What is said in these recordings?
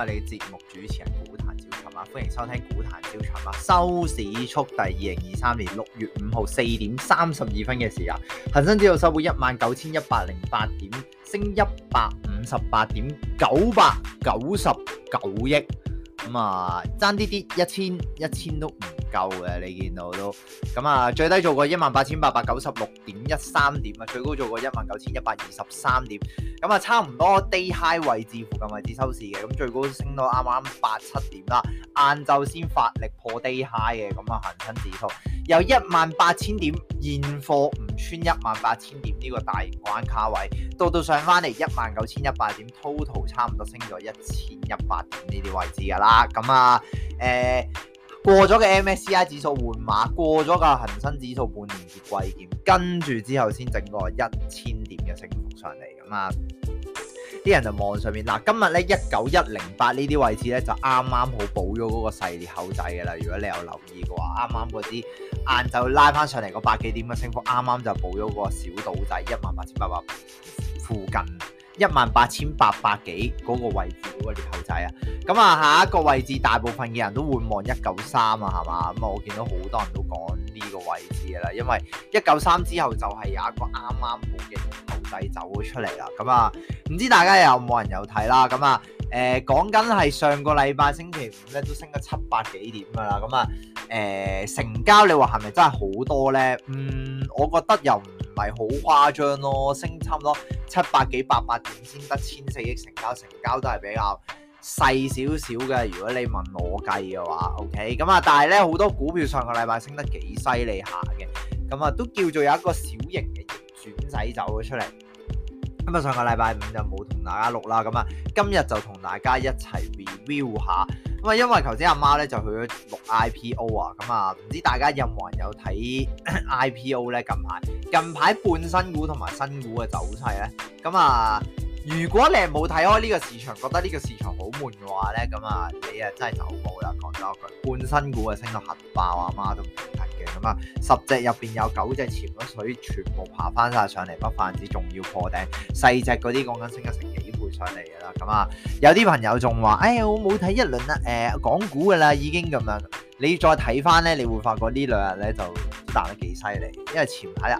係你節目主持人股壇招財貓啊，歡迎收聽股壇招財貓啊，收市速遞二零二三年六月五號四點三十二分嘅時間，恒生指數收本一萬九千一百零八點，升一百五十八點九百九十九億。咁啊，爭啲啲一千一千都唔夠嘅，你見到都。咁、嗯、啊，最低做過一萬八千八百九十六點一三點啊，最高做過一萬九千一百二十三點。咁、嗯、啊、嗯，差唔多 day high 位置附近位置收市嘅，咁、嗯、最高升到啱啱八七點啦。晏晝先發力破 day high 嘅，咁、嗯、啊行親指數，由一萬八千點現貨。穿一萬八千點呢、呢個大關卡位，到到上翻嚟一萬九千一百點，total 差唔多升咗一千一百點呢啲位置噶啦。咁啊，誒、呃、過咗個 MSCI 指數換馬，過咗個恒生指數半年結季檢，跟住之後先整個一千點嘅升幅上嚟咁啊。啲人就望上面嗱，今日咧一九一零八呢啲位置咧就啱啱好補咗嗰個細裂口仔嘅啦。如果你有留意嘅話，啱啱嗰啲晏晝拉翻上嚟個百幾點嘅升幅，啱啱就補咗個小島仔一萬八千八百附近，一萬八千八百幾嗰個位置嗰個裂口仔啊。咁、嗯、啊，下一個位置大部分嘅人都會望一九三啊，係嘛？咁啊，我見到好多人都講呢個位置嘅啦，因為一九三之後就係有一個啱啱好嘅。走咗出嚟啦，咁啊，唔知大家有冇人有睇啦，咁啊，誒講緊係上個禮拜星期五咧，都升咗七百幾點噶啦，咁啊，誒成交你話係咪真係好多咧？嗯，我覺得又唔係好誇張咯，升差唔多七百幾八百點先得千四億成交，成交都係比較細少少嘅。如果你問我計嘅話，OK，咁啊，但係咧好多股票上個禮拜升得幾犀利下嘅，咁啊都叫做有一個小型嘅仔走咗出嚟，咁啊上個禮拜五就冇同大家錄啦，咁啊今日就同大家一齊 review 下，咁啊因為頭先阿媽咧就去咗錄 IPO 啊、嗯，咁啊唔知大家有冇人有睇 IPO 咧？近排近排半新股同埋新股嘅走勢咧，咁、嗯、啊如果你係冇睇開呢個市場，覺得呢個市場悶、嗯、好悶嘅話咧，咁啊你啊真係走冇啦！講多句，半新股啊升到核爆，阿媽都～咁啊，十隻入邊有九隻潛咗水，全部爬翻晒上嚟，不單止，仲要破頂，細隻嗰啲講緊升咗成幾倍上嚟噶啦。咁啊，有啲朋友仲話，哎呀，我冇睇一輪啦，誒、呃，講股噶啦，已經咁樣。你再睇翻咧，你會發覺呢兩日咧就都彈得幾犀利，因為前排壓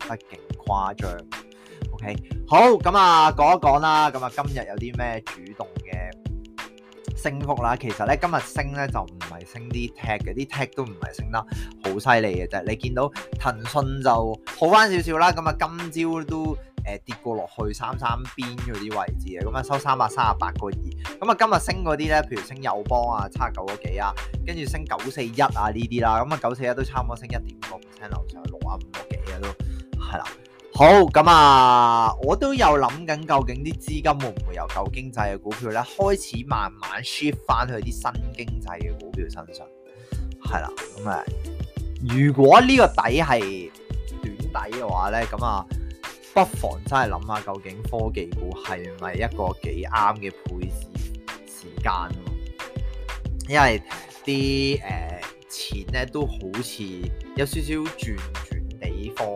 得勁誇張。OK，好，咁啊，講一講啦。咁啊，今日有啲咩主動？升幅啦，其實咧今日升咧就唔係升啲 t a g 嘅，啲 t a g 都唔係升得好犀利嘅啫。但係你見到騰訊就好翻少少啦，咁啊，今朝都誒、呃、跌過落去三三邊嗰啲位置啊。咁啊收三百三十八個二。咁啊今日升嗰啲咧，譬如升友邦啊、叉九嗰幾啊，跟住升九四一啊呢啲啦，咁啊九四一都差唔多升一點六個 percent 樓上六啊五個幾啊都係啦。好咁啊，我都有諗緊，究竟啲資金會唔會由舊經濟嘅股票咧，開始慢慢 shift 翻去啲新經濟嘅股票身上？係啦，咁啊，如果呢個底係短底嘅話咧，咁啊，不妨真係諗下究竟科技股係咪一個幾啱嘅配置時間？因為啲誒、呃、錢咧都好似有少少轉轉地方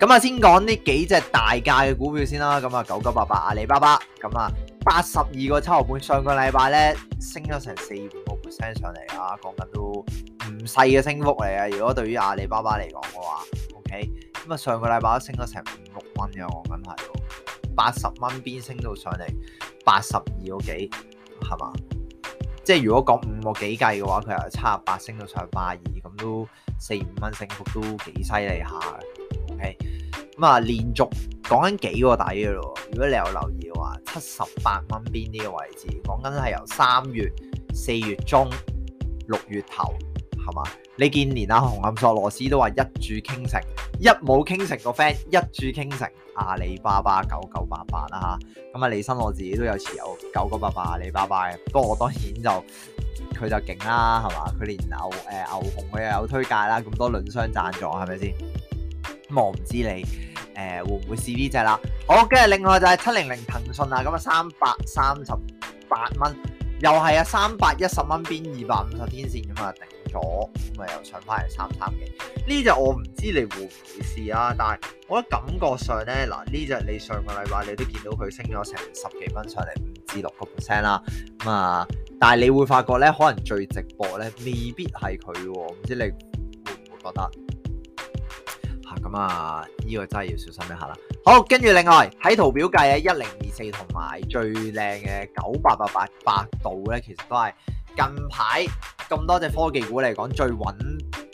咁啊，先講呢幾隻大價嘅股票先啦。咁啊，九九八八阿里巴巴，咁啊八十二個七毫半，上個禮拜咧升咗成四五個 percent 上嚟啦。講緊都唔細嘅升幅嚟啊。如果對於阿里巴巴嚟講嘅話，OK，咁啊上個禮拜升咗成五六蚊嘅，我諗係，八十蚊邊升到上嚟八十二個幾，係嘛？即係如果講五個幾計嘅話，佢係七十八升到上八二，咁都四五蚊升幅都幾犀利下。咁啊、okay. 嗯，連續講緊幾個底嘅咯。如果你有留意嘅話，七十八蚊邊啲嘅位置，講緊係由三月、四月中、六月頭，係嘛？你見連阿、紅暗索羅斯都話一注傾城，一冇傾城個 friend，一注傾城阿里巴巴九九八八啦、啊、吓，咁、嗯、啊，李生我自己都有持有九九八八阿里巴巴嘅，不過我當然就佢就勁啦，係嘛？佢連牛誒、呃、牛熊佢又有推介啦，咁多輪商贊助係咪先？望唔知你誒、呃、會唔會試呢隻啦？好，跟住另外就係七零零騰訊啊，咁啊三百三十八蚊，又係啊三百一十蚊邊二百五十天線咁啊，定咗咁啊又上翻嚟三三嘅。呢隻我唔知你會唔會試啊，但係我覺得感覺上咧嗱，呢隻你上個禮拜你都見到佢升咗成十幾蚊上嚟五至六個 percent 啦，咁啊，但係你會發覺咧，可能最直播咧未必係佢喎，唔知你會唔會覺得？咁啊，呢、這個真係要小心一下啦。好，跟住另外喺圖表界，咧，一零二四同埋最靚嘅九八八八百度咧，其實都係近排咁多隻科技股嚟講最穩，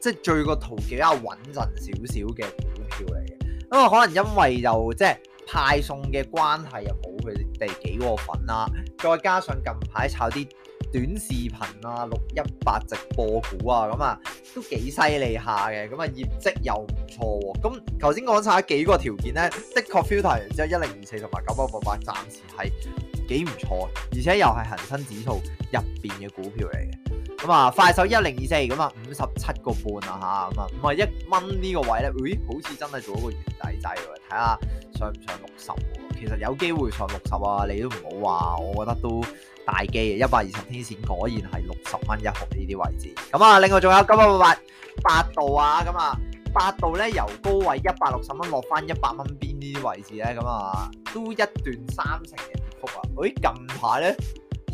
即係最個圖比較穩陣少少嘅股票嚟嘅。咁啊，可能因為又即係派送嘅關係又冇佢哋幾個份啦，再加上近排炒啲。短視頻啊，六一八直播股啊，咁啊都幾犀利下嘅，咁啊業績又唔錯喎。咁頭先講晒幾個條件咧，的確 filter 完之後，一零二四同埋九八八八暫時係幾唔錯，而且又係恒生指數入邊嘅股票嚟嘅。咁啊，快手一零二四咁啊，五十七個半啊吓，咁啊，唔係一蚊呢個位咧，咦？好似真係做一個圓底仔喎，睇下上唔上六十喎。其實有機會上六十啊，你都唔好話，我覺得都大機嘅一百二十天線果然係六十蚊一毫呢啲位置。咁啊，另外仲有九百八八百度啊，咁啊，百度咧由高位一百六十蚊落翻一百蚊邊呢啲位置咧，咁啊，都一段三成嘅跌幅啊。咦？近排咧？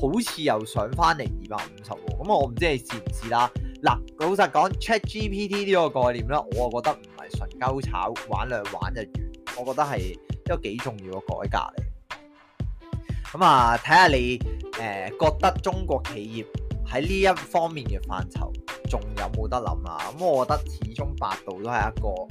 好似又上翻嚟二百五十喎，咁我唔知你試唔試啦。嗱，老實講，ChatGPT 呢個概念咧，我覺得唔係純鳩炒玩兩玩就完，我覺得係一個幾重要嘅改革嚟。咁啊，睇下你誒、呃、覺得中國企業喺呢一方面嘅範疇仲有冇得諗啦。咁我覺得始終百度都係一個誒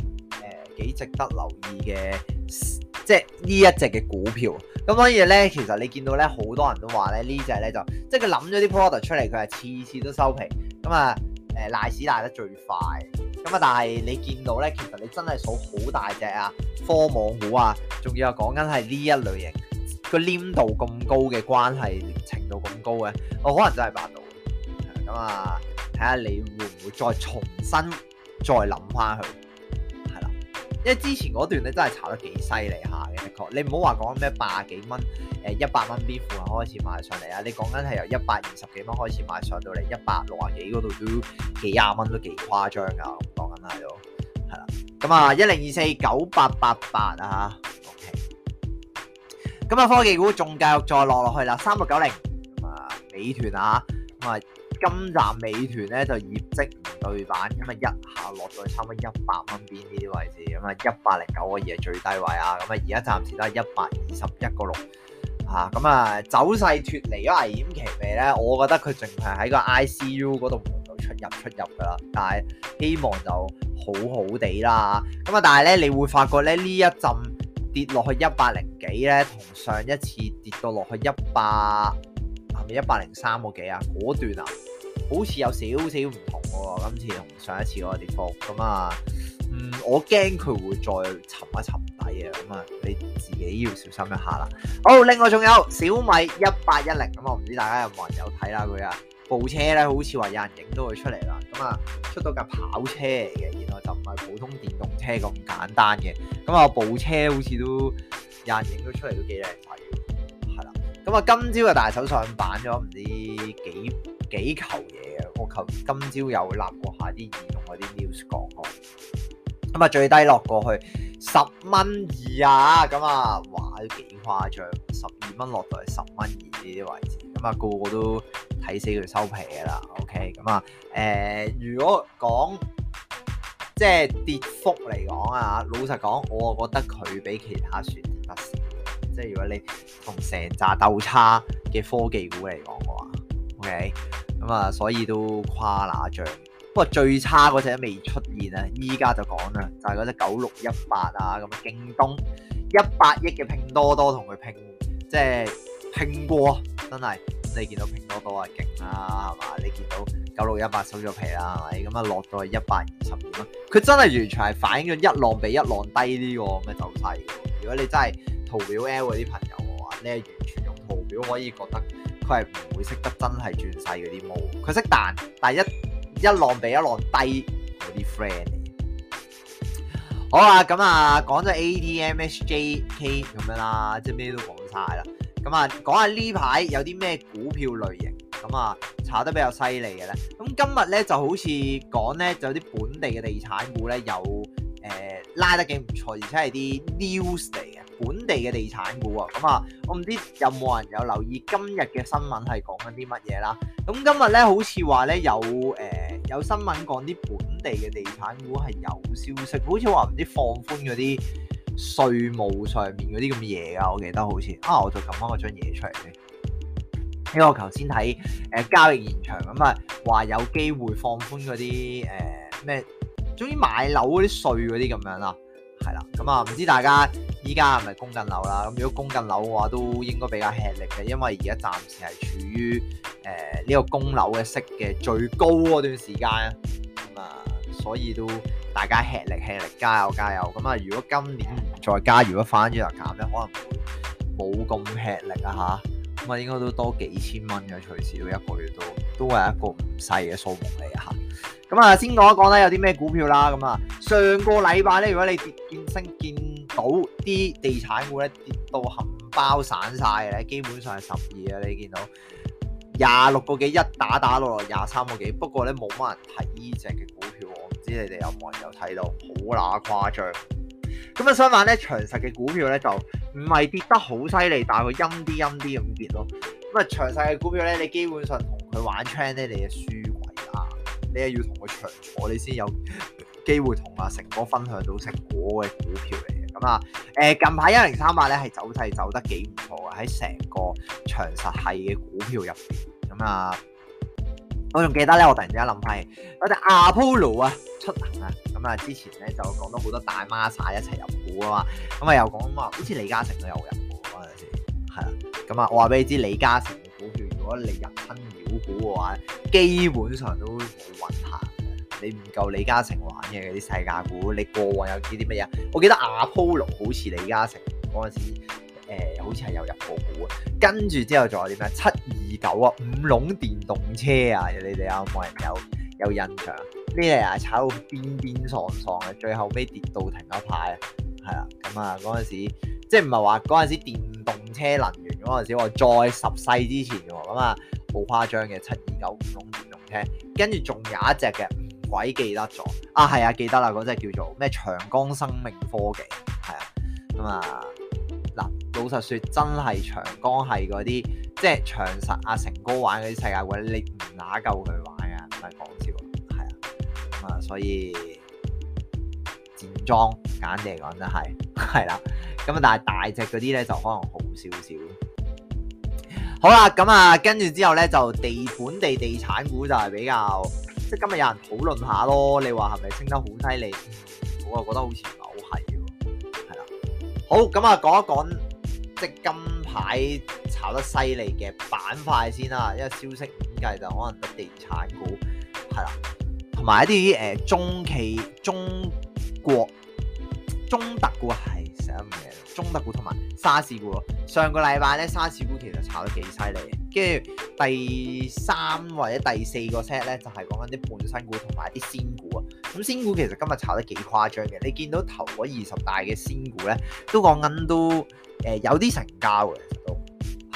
幾、呃、值得留意嘅。即係呢一隻嘅股票，咁所以咧，其實你見到咧，好多人都話咧呢隻咧就，即係佢諗咗啲 product 出嚟，佢係次次都收皮，咁啊，誒瀨屎瀨得最快，咁啊，但係你見到咧，其實你真係數好大隻啊，科網股啊，仲要係講緊係呢一類型個黏度咁高嘅關係程度咁高嘅，我可能真係百度。咁啊，睇下你會唔會再重新再諗翻佢。因為之前嗰段咧真係炒得幾犀利下嘅，的確，你唔好話講咩百幾蚊，誒一百蚊 B 股開始買上嚟啊，你講緊係由一百二十幾蚊開始買上到嚟一百六啊幾嗰度都幾廿蚊都幾誇張噶，講緊係咯，係啦，咁啊一零二四九八八八啊吓，OK，咁啊科技股仲繼續再落落去啦，三六九零，咁啊美團啊咁啊。今集美團咧就業績唔對板，因為一下落到差唔多一百蚊邊呢啲位置，咁啊一百零九個二係最低位 6, 啊，咁啊而家暫時都係一百二十一個六啊，咁啊走勢脫離咗危險期未咧？我覺得佢仲係喺個 ICU 嗰度出入出入㗎啦，但係希望就好好地啦。咁啊，但係咧你會發覺咧呢一陣跌落去一百零幾咧，同上一次跌到落去一百係咪一百零三個幾啊？嗰段啊～好似有少少唔同喎，今次同上一次嗰個跌幅。咁啊，嗯，我驚佢會再沉一沉底啊，咁、嗯、啊，你自己要小心一下啦。好、哦，另外仲有小米一八一零，咁啊，我唔知大家有冇人有睇啦佢啊，部車咧好似話有人影到佢出嚟啦，咁、嗯、啊，出到架跑車嚟嘅，原來就唔係普通電動車咁簡單嘅，咁、嗯、啊、嗯、部車好似都有人影到出嚟都幾靚仔，係啦，咁、嗯、啊、嗯、今朝嘅大手上版咗唔知幾？幾球嘢啊，我求今朝有立過下啲異動嗰啲 news 講，咁啊最低落過去十蚊二啊，咁啊，哇都幾誇張，十二蚊落到係十蚊二呢啲位置，咁啊個個都睇死佢收皮嘅啦。OK，咁啊，誒、呃，如果講即係跌幅嚟講啊，老實講，我覺得佢比其他選少。即係如果你同成扎鬥叉嘅科技股嚟講嘅話。O K，咁啊，所以都誇拿仗，不過最差嗰隻未出現，現、就是、18，啊，依家就講啦，就係嗰隻九六一八啊，咁啊，京東一百億嘅拼多多同佢拼，即係拼過，真係你見到拼多多啊，勁啦，係嘛？你見到九六一八收咗皮啦，係咪？咁啊落到去一百二十二蚊。佢真係完全係反映咗一浪比一浪低啲個咁嘅走勢。如果你真係圖表 L 嗰啲朋友嘅話，你係完全用圖表可以覺得。佢係唔會識得真係轉世嗰啲毛，佢識彈，但一一浪比一浪低嗰啲 friend 嚟。 好啊，咁啊講咗 a t m h j k 咁樣啦，即係咩都講晒啦。咁啊講下呢排有啲咩股票類型咁啊炒得比較犀利嘅咧？咁今日咧就好似講咧有啲本地嘅地產股咧有誒、呃、拉得幾唔錯，而且係啲 news 嚟。本地嘅地產股啊，咁、嗯、啊，我唔知有冇人有留意今日嘅新聞係講緊啲乜嘢啦？咁、嗯、今日咧、嗯、好似話咧有誒、呃、有新聞講啲本地嘅地產股係有消息，好似話唔知放寬嗰啲稅務上面嗰啲咁嘅嘢啊，我記得好似啊，我就撳翻嗰張嘢出嚟先，因為我頭先睇誒交易現場咁啊，話、嗯、有機會放寬嗰啲誒咩，總之買樓嗰啲稅嗰啲咁樣啦，係、嗯、啦，咁啊唔知大家。依家係咪供緊樓啦？咁如果供緊樓嘅話，都應該比較吃力嘅，因為而家暫時係處於誒呢個供樓嘅息嘅最高嗰段時間啊。咁、嗯、啊，所以都大家吃力吃力，加油加油！咁、嗯、啊，如果今年唔再加，如果反咗又減咧，可能冇咁吃力啊吓，咁啊、嗯，應該都多幾千蚊嘅，隨時一個月都都係一個唔細嘅數目嚟嚇。咁啊、嗯，先講一講啦，有啲咩股票啦？咁、嗯、啊，上個禮拜咧，如果你跌見升見。到啲地產股咧跌到含包散晒嘅咧，基本上係十二啊！你見到廿六個幾一打打落落廿三個幾，不過咧冇乜人睇呢隻嘅股票，我唔知你哋有冇人有睇到，好乸誇張。咁啊，相反咧，長實嘅股票咧就唔係跌得好犀利，但係佢陰啲陰啲咁跌咯。咁啊，長實嘅股票咧，你基本上同佢玩 trend，你係輸鬼啦，你係要同佢長坐，你先有機會同阿成哥分享到成果嘅股票嚟。咁啊，誒近排一零三八咧係走勢走得幾唔錯啊！喺成個長實系嘅股票入邊，咁啊，我仲記得咧，我突然之間諗係嗰隻 Apollo 啊出行啊。咁啊之前咧就講到好多大孖沙一齊入股啊嘛，咁啊又講話好似李嘉誠都有入股啊，係啊，咁啊我話俾你知李嘉誠嘅股票如果你入親妖股嘅話，基本上都冇運行。你唔夠李嘉誠玩嘅嗰啲細價股，你過往有啲啲乜嘢？我記得阿 Apollo 好似李嘉誠嗰陣時，欸、好似係有入過股，跟住之後仲有啲咩？七二九啊，五龍電動車啊，你哋有冇人有，有，有印象？呢啲啊炒到邊邊喪喪嘅，最後尾跌到停一排啊，係啦，咁啊嗰陣時即係唔係話嗰陣時電動車能源嗰陣時話再十世之前喎，咁啊好誇張嘅，七二九五龍電動車，跟住仲有一隻嘅。鬼記得咗啊！係啊，記得啦，嗰、那、隻、個、叫做咩？長江生命科技係啊咁、嗯、啊嗱，老實說真係長江係嗰啲，即係長實啊，成哥玩嗰啲世界冠軍，你唔拉夠佢玩，玩啊，唔係講笑，係啊咁啊，所以戰裝簡直嚟講就係係啦，咁啊，啊嗯、但係大隻嗰啲咧就可能好少少。好啦，咁啊，跟、嗯、住之後咧就地本地地產股就係比較。即今日有人討論下咯，你話係咪升得好犀利？我啊覺得好似唔係好係喎，係啦。好咁啊，講一講即近排炒得犀利嘅板塊先啦，因為消息點計就可能地產股係啦，同埋一啲誒、呃、中企中國、中特股係。中特股同埋沙士股。上個禮拜咧沙士股其實炒得幾犀利，跟住第三或者第四個 set 咧就係講緊啲半新股同埋啲仙股啊，咁、嗯、仙股其實今日炒得幾誇張嘅，你見到頭嗰二十大嘅仙股咧都講緊都誒有啲成交嘅其實都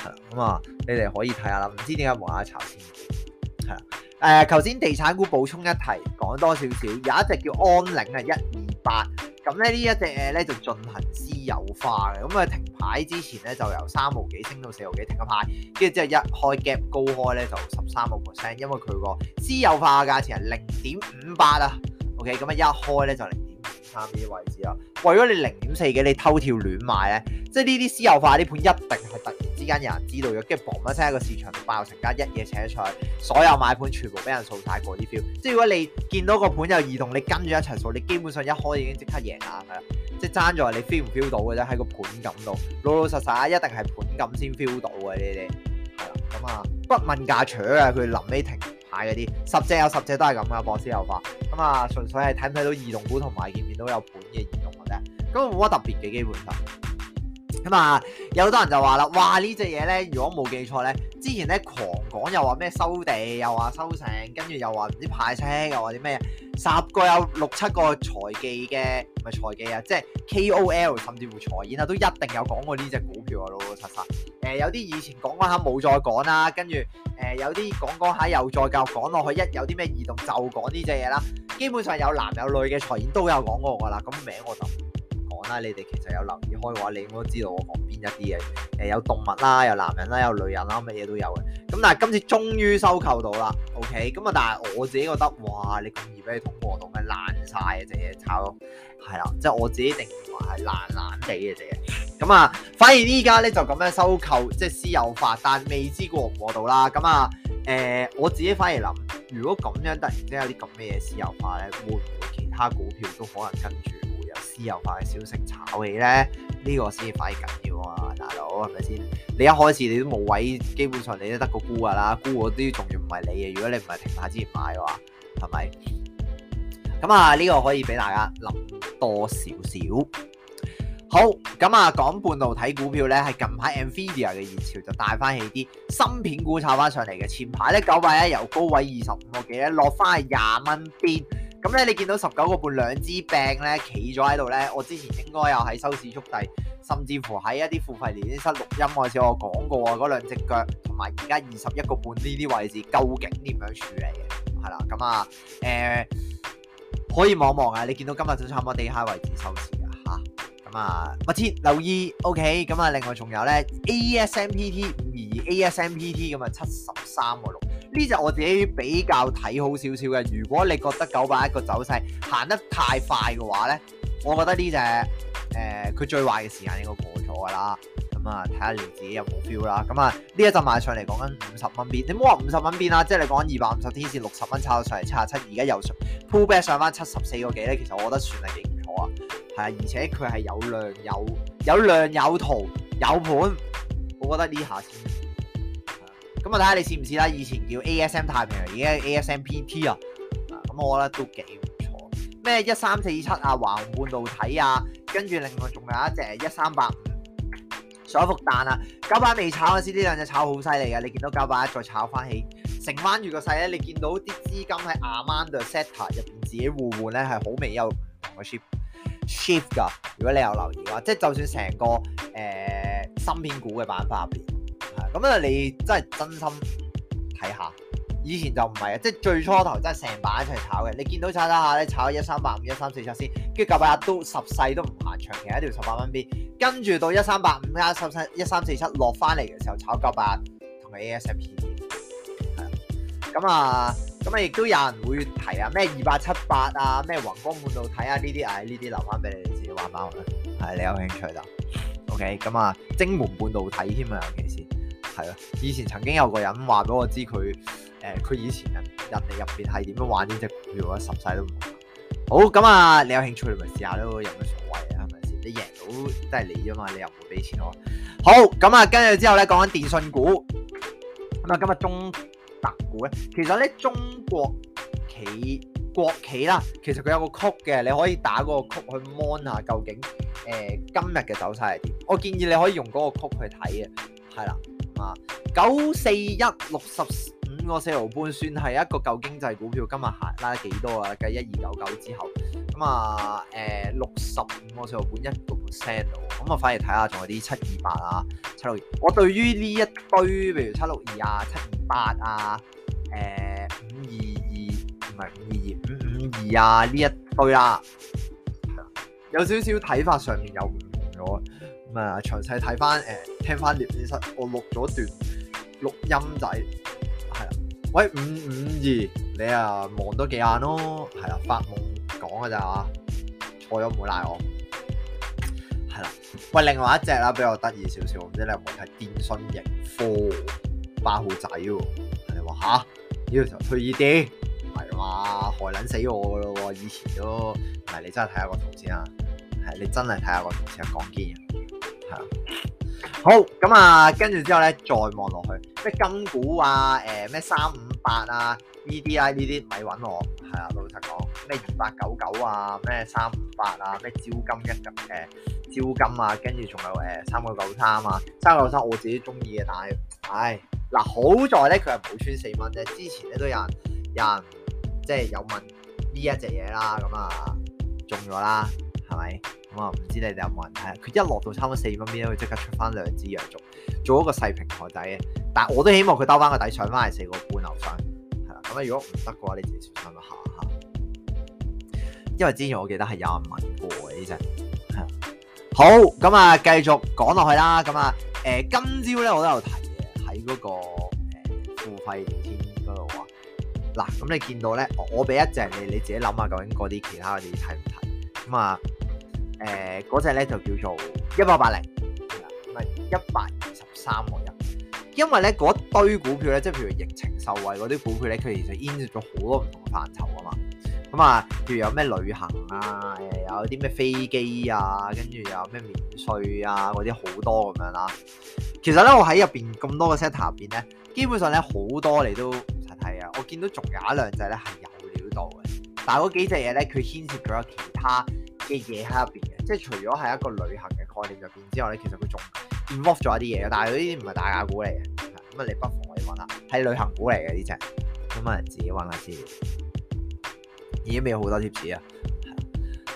係咁啊，你哋可以睇下啦，唔知點解冇啦啦炒仙股係啦，誒頭先地產股補充一提，講多少少，有一隻叫安領啊一二八。1, 2, 8, 咁咧呢一隻誒咧就進行私有化嘅，咁啊停牌之前咧就由三毫幾升到四毫幾停咗牌，跟住之後一開 gap 高開咧就十三個 percent，因為佢個私有化嘅價錢係零點五八啊，OK，咁啊一開咧就零點五三呢啲位置啊，為咗你零點四幾你偷跳亂買咧，即係呢啲私有化呢盤一定係特。依間有人知道咗，跟住嘣一聲喺個市場度爆成間，一夜扯出所有買盤全部俾人掃晒。嗰啲 feel，即係如果你見到個盤有移動，你跟住一齊掃，你基本上一開已經即刻贏硬噶啦。即係爭在你 feel 唔 feel 到嘅啫，喺個盤感度，老老實實一定係盤感先 feel 到嘅呢啲。係啦，咁啊、嗯嗯、不問價除嘅，佢臨尾停牌嗰啲，十隻有十隻都係咁噶，博斯有法咁啊，純、嗯嗯、粹係睇唔睇到移動股同埋見唔見到有盤嘅移動嘅啫。咁冇乜特別嘅，基本上。咁、嗯、啊，有好多人就話啦，哇，呢隻嘢咧，如果冇記錯咧，之前咧狂講，又話咩收地，又話收成，跟住又話唔知派車，又話啲咩，十個有六七個財技嘅，唔係財技啊，即係 KOL 甚至乎財演啊，都一定有講過呢隻股票啊，老老實實。誒、呃，有啲以前講講下冇再講啦，跟住誒、呃、有啲講講下又再繼續講落去，一有啲咩異動就講呢隻嘢啦。基本上有男有女嘅財演都有講過㗎啦，咁名我就。你哋其實有留意開嘅話，你應該知道我講邊一啲嘢。誒，有動物啦，有男人啦，有女人啦，乜嘢都有嘅。咁但係今次終於收購到啦，OK。咁啊，但係我自己覺得哇，哇！你咁易俾你通過，仲係爛晒一隻嘢炒，係啦，即係我自己定義話係爛爛地嘅嘢。咁啊，反而依家咧就咁樣收購，即係私有化，但未知過唔過到啦。咁啊，誒，我自己反而諗，如果咁樣突然之間有啲咁嘅嘢私有化咧，會唔會其他股票都可能跟住？自由化嘅消息炒起咧，呢、呢個先係快緊要啊，大佬係咪先？你一開始你都冇位，基本上你都得個沽噶啦，沽啲仲要唔係你嘅，如果你唔係停牌之前買嘅話，係咪？咁啊，呢、呢個可以俾大家諗多少少。好，咁啊，講半路睇股票咧，係近排 NVIDIA 嘅熱潮就帶翻起啲芯片股炒翻上嚟嘅。前排咧，九百一由高位二十五個幾，落翻去廿蚊邊。咁咧，你見到十九個半兩支柄咧，企咗喺度咧，我之前應該有喺收市速遞，甚至乎喺一啲付費連接室錄音嗰時，我講過啊，嗰兩隻腳同埋而家二十一個半呢啲位置，究竟點樣處理嘅？係啦，咁啊，誒、呃、可以望望啊，你見到今日就差唔多地下位置收市啊，吓。咁啊，密切留意，OK，咁啊，另外仲有咧，ASMPT 五二二 ASMPT 咁啊，七十三個六。呢隻我自己比較睇好少少嘅，如果你覺得九百一個走勢行得太快嘅話咧，我覺得呢隻誒佢最壞嘅時間應該過咗噶啦。咁啊，睇下你自己有冇 feel 啦。咁、嗯、啊呢一陣賣上嚟講緊五十蚊邊，你唔好話五十蚊邊啦，即係你講二百五十天線六十蚊炒上嚟七十七，而家又上 pull back 上翻七十四個幾咧，其實我覺得算係幾唔錯啊。係啊，而且佢係有量有有量有圖有盤，我覺得呢下先。咁啊睇下你試唔試啦！以前叫 ASM 太平洋，而家 ASMPT 啊，咁、嗯、我覺得都幾唔錯。咩一三四七啊華虹半導體啊，跟住、啊、另外仲有一隻 1, 3, 5, 一三八五上海復旦啊！九百未炒嗰時，呢兩隻炒好犀利嘅，你見到九百再炒翻起，成晚住個勢咧，你見到啲資金喺亞馬遜 sector 入邊自己互換咧，係好未有嘅 Sh shift shift 噶，如果你有留意嘅話，即係就算成個誒芯、呃、片股嘅板塊入邊。咁啊！你真係真心睇下，以前就唔係啊。即係最初頭真係成把一齊炒嘅。你見到炒炒下咧，炒一三八五一三四七先，跟住九八一都十世都唔行，長期喺條十八蚊邊。跟住到一三八五一三四七落翻嚟嘅時候，炒九八同埋 A S M P。係咁啊，咁啊，亦都有人會提啊，咩二八七八啊，咩橫光半導體啊呢啲啊，呢啲留翻俾你哋自己玩玩啦。你有興趣就 OK、no uh,。咁啊，晶門半導體添啊，尤其是。係啊，以前曾經有個人話俾我知佢誒，佢、呃、以前人人哋入邊係點樣玩呢隻股票啊，十世都冇。好咁啊，你有興趣咪試下咯，有咩所謂啊？係咪先？你贏到即係你啫嘛，你又唔會俾錢我。好咁啊，跟住之後咧講緊電信股咁啊、嗯，今日中特股咧，其實咧中國企國企啦，其實佢有個曲嘅，你可以打嗰個曲去 mon 下究竟誒、呃、今日嘅走勢係點。我建議你可以用嗰個曲去睇嘅，係啦。啊，九四一六十五個四毫半算係一個舊經濟股票，今日下拉得幾多啊？計一二九九之後，咁啊，誒，六十五個四毫半一個 percent 度，咁啊，反而睇下仲有啲七二八啊，七六二，我對於呢一堆，譬如七六二啊，七二八啊，誒、嗯，五二二唔係五二五五二啊呢一堆啦、啊，有少少睇法上面有唔同咗。啊！詳細睇翻誒，聽翻聊天室，我錄咗段錄音仔，係啊，喂五五二，你啊望多幾眼咯，係啊，發夢講嘅咋嚇，我又唔會賴我係啦。喂，另外一隻啦，比較得意少少，唔知你有冇睇電訊盈科包好仔喎？人哋話嚇呢個時候退役啲，唔係嘛，害撚死我咯喎！以前都唔係你真係睇下個圖先啊，係你真係睇下個圖先啊，講堅。係啊，好咁啊，跟、嗯、住之後咧，再望落去，咩金股啊，誒咩三五八啊，EDI 呢啲咪揾我，係啊，老實講咩二八九九啊，咩三五八啊，咩招金一嘅招金啊，跟住仲有誒三九九三啊，三九九三我自己中意嘅，但係，唉，嗱、嗯、好在咧，佢係冇穿四蚊啫，之前咧都有人，有人即係有問呢一隻嘢啦，咁、嗯、啊中咗啦，係咪？唔知你哋有冇人睇？佢一落到差唔多四分邊，佢即刻出翻兩支陽燭，做一個細平台仔。但係我都希望佢兜翻個底，上翻係四個半牛翻。係啦，咁啊，如果唔得嘅話，你自己上到下下。因為之前我記得係有人問過呢隻，係啦。好，咁、嗯、啊，繼續講落去啦。咁啊，誒，今朝咧我都有提嘅喺嗰個付費聊天嗰度啊。嗱、嗯，咁、嗯嗯、你見到咧，我俾一隻你，你自己諗下究竟嗰啲其他你睇唔睇？咁、嗯、啊。誒，嗰隻咧就叫做一百八零，唔係一百二十三個人。因為咧嗰堆股票咧，即係譬如疫情受惠嗰啲股票咧，佢其實牽涉咗好多唔同嘅範疇啊嘛。咁、嗯、啊，譬如有咩旅行啊，誒，有啲咩飛機啊，跟住又有咩免稅啊，嗰啲好多咁樣啦。其實咧，我喺入邊咁多嘅 set 入邊咧，基本上咧好多你都唔使睇啊。我見到仲有一兩隻咧係有料到嘅，但係嗰幾隻嘢咧，佢牽涉咗其他嘅嘢喺入邊嘅，即係除咗係一個旅行嘅概念入邊之外咧，其實佢仲 involve 咗一啲嘢嘅，但係佢呢啲唔係大假股嚟嘅，咁啊你不妨可以搵下，係旅行股嚟嘅呢隻，咁啊自己搵下先，已經未有好多貼士啊，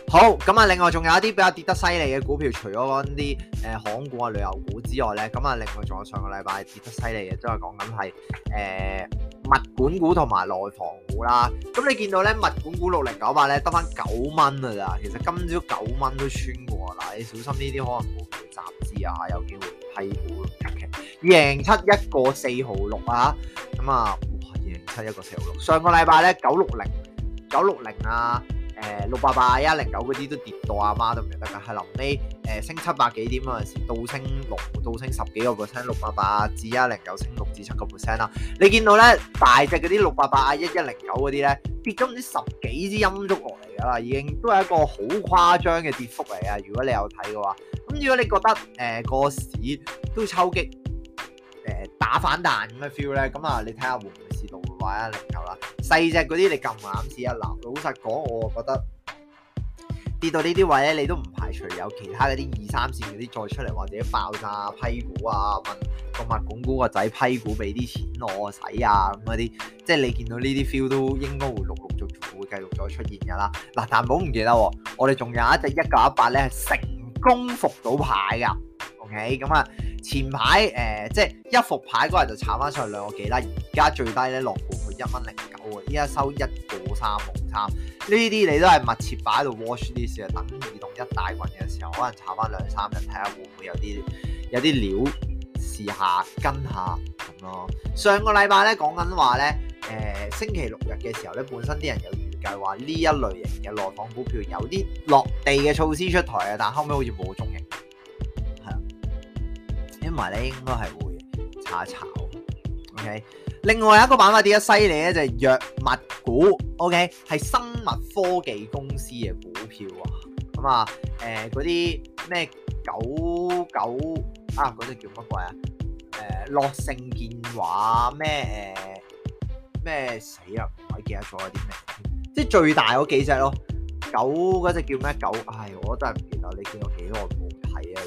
好，咁啊另外仲有一啲比較跌得犀利嘅股票，除咗嗰啲誒航空股啊、旅遊股之外咧，咁啊另外仲有上個禮拜跌得犀利嘅，都係講緊係誒。呃物管股同埋內房股啦，咁你見到咧物管股六零九八咧得翻九蚊啊咋，其實今朝九蚊都穿過啦，你小心呢啲可能會集資啊，有機會批股，盤嘅，贏七一個四毫六啊，咁啊、哦、贏七一個四毫六，上個禮拜咧九六零九六零啊。誒，六八八一零九嗰啲都跌到阿媽都唔認得噶，係臨尾誒升七百幾點嗰陣時，倒升六，倒升十幾個 percent，六八八至一零九升六至七個 percent 啦。你見到咧大隻嗰啲六八八一一零九嗰啲咧跌咗唔知十幾支陰燭落嚟噶啦，已經都係一個好誇張嘅跌幅嚟噶。如果你有睇嘅話，咁、嗯、如果你覺得誒個市都抽筋，誒、呃、打反彈咁嘅 feel 咧，咁啊你睇下自動會買啦，細隻嗰啲你撳埋啱先啊！嗱，老實講，我覺得跌到呢啲位咧，你都唔排除有其他嗰啲二三線嗰啲再出嚟，或者爆炸批股啊，問個物管估個仔批股俾啲錢我使啊，咁嗰啲，即係你見到呢啲 feel 都應該會陸陸續續，續會繼續再出現嘅啦。嗱，但保唔記得喎，我哋仲有一隻一九一八咧，成功復到牌噶，OK 咁啊！前排誒、呃，即係一伏牌嗰日就炒翻上去兩個幾啦，而家最低咧落盤佢一蚊零九喎，依家收一個三毫三。呢啲你都係密切擺喺度 watch 呢啲事，等二龍一大棍嘅時候，可能炒翻兩三日，睇下會唔會有啲有啲料試下跟下咁咯。上個禮拜咧講緊話咧，誒、呃、星期六日嘅時候咧，本身啲人有預計話呢一類型嘅內房股票有啲落地嘅措施出台啊，但後尾好似冇個蹤因為咧應該係會查一查。o、okay? k 另外一個板塊跌得犀利咧就係、是、藥物股，OK，係生物科技公司嘅股票啊。咁、呃、啊，誒嗰啲咩九九啊嗰隻叫乜鬼啊？誒、呃，樂聖健話咩？誒咩死啊，唔係記得咗啲咩？即係最大嗰幾隻咯，九嗰隻叫咩九？唉、哎，我都係唔記得，你見我幾耐？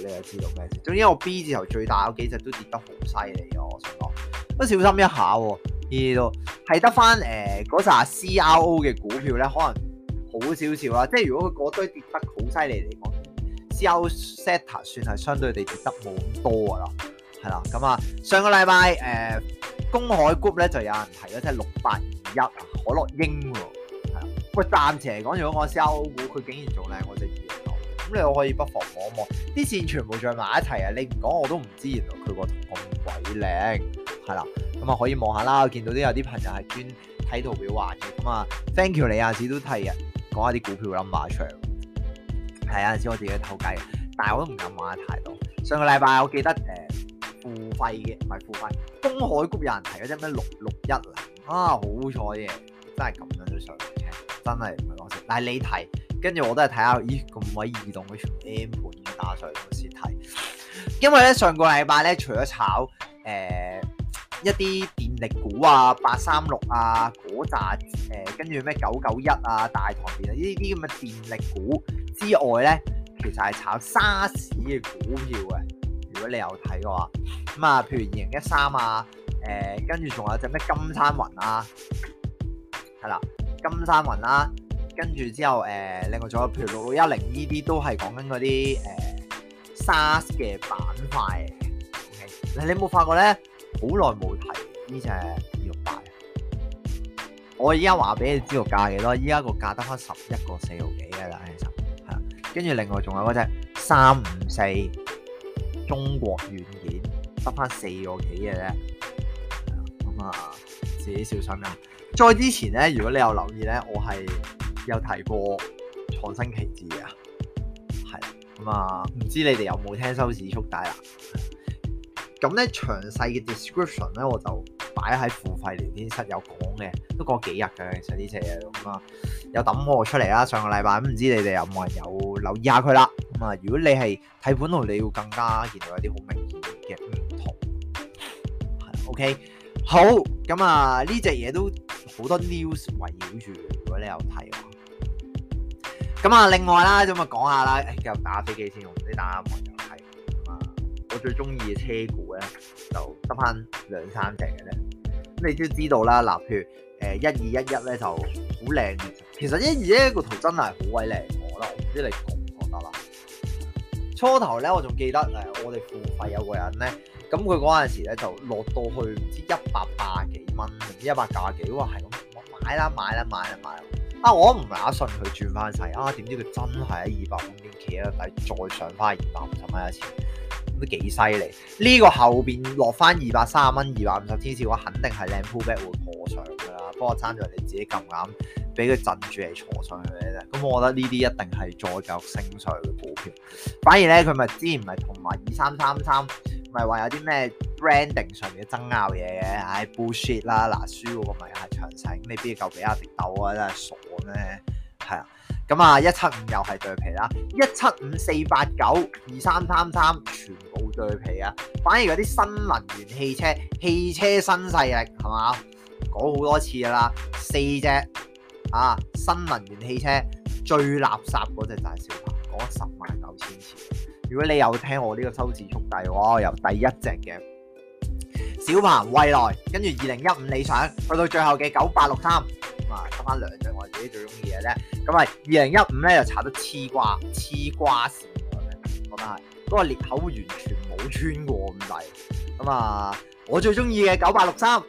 你又知道咩事？總之我 B 字頭最大嗰幾隻都跌得好犀利啊！我想講，都小心一下喎。依啲係得翻誒嗰陣 CRO 嘅股票咧，可能好少少啦。即係如果佢嗰堆跌得好犀利嚟講，CRO sector 算係相對地跌得冇咁多㗎啦，係啦。咁啊，上個禮拜誒，公海 group 咧就有人提咗，即係六八二一啊，凱萊英喎，係啊。喂，暫時嚟講，如果我 CRO 股，佢竟然仲靚，我就～咁你都可以不妨望一望，啲線全部聚埋一齊啊！你唔講我都唔知原來佢個圖咁鬼靚，係啦，咁啊可以望下啦。我見到啲有啲朋友係專睇圖表話嘅，咁、嗯、啊，thank you 你有陣時都提啊，講下啲股票諗下出嚟。係啊，陣時我自己嘅偷雞，但係我都唔敢買太多。上個禮拜我記得誒、呃、付費嘅唔係付費，東海谷有人提咗隻咩六六一零啊，啊好彩嘅，真係咁樣都上車，真係唔係講笑。但係你提。跟住我都係睇下，咦？咁鬼異動佢從 M 盤打上嚟先睇。因為咧上個禮拜咧，除咗炒誒、呃、一啲電力股啊，八三六啊，嗰扎誒跟住咩九九一啊、大唐邊啊呢啲咁嘅電力股之外咧，其實係炒沙士嘅股票嘅。如果你有睇嘅話，咁啊，譬如二零一三啊，誒、呃，跟住仲有隻咩金山雲啊，係啦，金山雲啦、啊。跟住之後，誒、呃，另外仲有，譬如六六一零呢啲都係講緊嗰啲誒 SaaS 嘅板塊。Okay? 你冇發覺咧，好耐冇提呢隻要價。我而家話俾你知個價幾多？依家個價得翻十一個四毫幾嘅啦。其實係跟住另外仲有嗰隻三五四中國軟件得翻四個幾嘅啫。咁、嗯、啊，自己小心啦。再之前咧，如果你有留意咧，我係，有提過創新旗幟啊，係咁啊，唔知你哋有冇聽收市速遞啦？咁 咧詳細嘅 description 咧，我就擺喺付費聊天室有講嘅，都過幾日嘅其實呢隻嘢咁啊，有抌我出嚟啦。上個禮拜都唔知你哋有冇人有，有留意下佢啦。咁、嗯、啊，如果你係睇本度，你會更加見到有啲好明顯嘅唔同。係，OK，好咁、嗯、啊，呢隻嘢都好多 news 圍繞住，如果你有睇。咁啊，另外啦，咁啊，講下啦，誒，繼續打下飛機先，唔使打下網絡遊戲。咁啊，我最中意嘅車股咧，就得翻兩三隻嘅啫。咁你都知道啦，嗱，譬如誒一二一一咧，就好靚啲。其實一二一一個圖真係好鬼靚，我覺得，我唔知你覺唔覺得啦？初頭咧，我仲記得誒，我哋付費有個人咧，咁佢嗰陣時咧就落到去唔知一百八幾蚊，唔知一百九啊幾，哇，係咁，我買啦，買啦，買啦，買！買啊！我唔係阿信佢轉翻晒啊！點知佢真係喺二百五蚊企喺度，再上翻二百五十蚊一次，咁都幾犀利！呢、這個後邊落翻二百三啊蚊、二百五十天線嘅話，我肯定係靚 pull back 會破上㗎啦。不過爭在你自己咁啱，俾佢震住嚟坐上去啫。咁我覺得呢啲一定係再繼續升上去嘅股票。反而咧，佢咪之前唔係同埋二三三三。咪係話有啲咩 branding 上面嘅爭拗嘢嘅，唉、哎、bullshit 啦！嗱，輸嗰個咪係長城，未必夠比亞迪鬥啊！真係傻咩？係啊，咁啊一七五又係對皮啦，一七五四八九二三三三全部對皮啊！反而嗰啲新能源汽車、汽車新勢力係嘛講好多次噶啦，四隻啊新能源汽車最垃圾嗰隻就係小鵬，講十萬九千次。如果你有聽我呢個收市速遞嘅話，我由第一隻嘅小鵬蔚來，跟住二零一五理想，去到最後嘅九八六三，咁啊得翻兩隻我自己最中意嘅咧。咁啊二零一五咧就炒得黐瓜，黐瓜線嘅，是是我嗰個裂口完全冇穿過咁嚟。咁啊我最中意嘅九八六三，好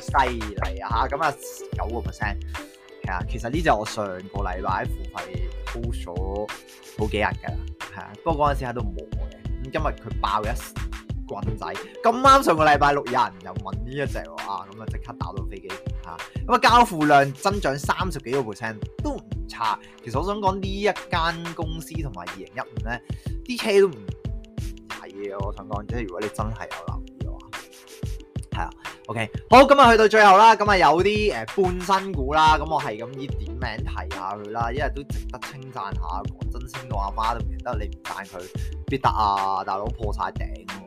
犀利啊！嚇，咁啊九個 percent。啊，其實呢隻我上個禮拜付費煲咗好幾日㗎，係啊，不過嗰陣時喺度磨嘅。咁今日佢爆咗一棍仔，咁啱上個禮拜六有人又問呢一隻哇，咁啊即刻打到飛機嚇。咁啊、嗯、交付量增長三十幾個 percent 都唔差。其實我想講呢一間公司同埋二零一五咧啲車都唔係嘅，我想講即係如果你真係有留意嘅話，係啊。O、okay. K，好咁啊，去到最後啦，咁啊有啲誒、呃、半新股啦，咁我係咁以點名提下佢啦，因為都值得稱讚下。講真升到阿媽都唔認得你唔帶佢，必得啊，大佬破晒頂、啊、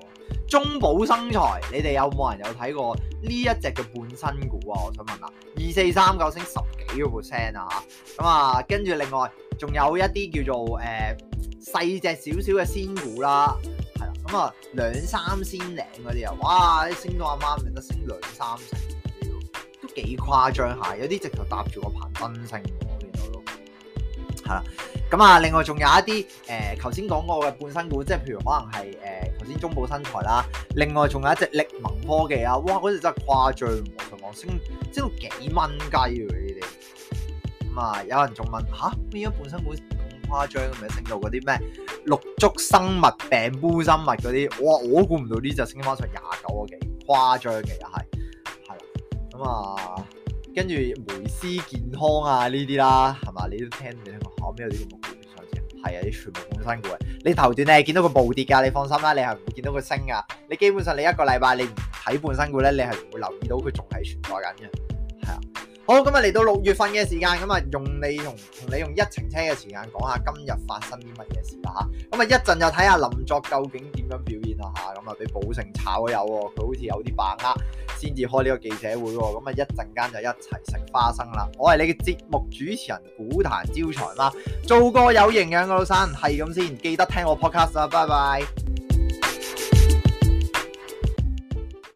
中寶生財，你哋有冇人有睇過呢一隻嘅半新股啊？我想問啦，二四三九升十幾個 percent 啊嚇，咁啊跟住另外仲有一啲叫做誒、呃、細隻少少嘅仙股啦。咁啊，兩三仙嗰啲啊，哇，升到阿媽咪都升兩三成，都幾誇張下。有啲直頭搭住個盤升，我見到咯。嚇，咁、嗯、啊，另外仲有一啲誒，頭先講過嘅半新股，即係譬如可能係誒頭先中保新材啦。另外仲有一隻力盟科技啊，哇，嗰隻真係誇張喎，同我升升到幾蚊雞啊，呢啲。咁、嗯、啊、嗯，有人仲問吓，變咗半新股咁誇張，咪升到嗰啲咩？綠竹生物、病菇生物嗰啲，哇！我都估唔到呢隻升翻上廿九個幾，誇張嘅又係，係啦。咁、嗯、啊，跟住梅斯健康啊呢啲啦，係嘛？你都聽你都聽過，後尾有啲咁嘅新股？係啊，啲、啊、全部半新股嘅。你頭段你係見到個暴跌噶，你放心啦，你係唔會見到個升噶。你基本上你一個禮拜你唔睇半新股咧，你係唔會留意到佢仲係存在緊嘅。好，咁啊嚟到六月份嘅時間，咁啊用你同同你用一程車嘅時間講下今日發生啲乜嘢事啦吓，咁啊一陣就睇下林作究竟點樣表現啦吓，咁啊俾寶盛炒咗魷，佢好似有啲把握，先至開呢個記者會，咁啊一陣間就一齊食花生啦。我係你嘅節目主持人股壇招財貓啦，做個有營養嘅老散係咁先，記得聽我 podcast 啊，拜拜。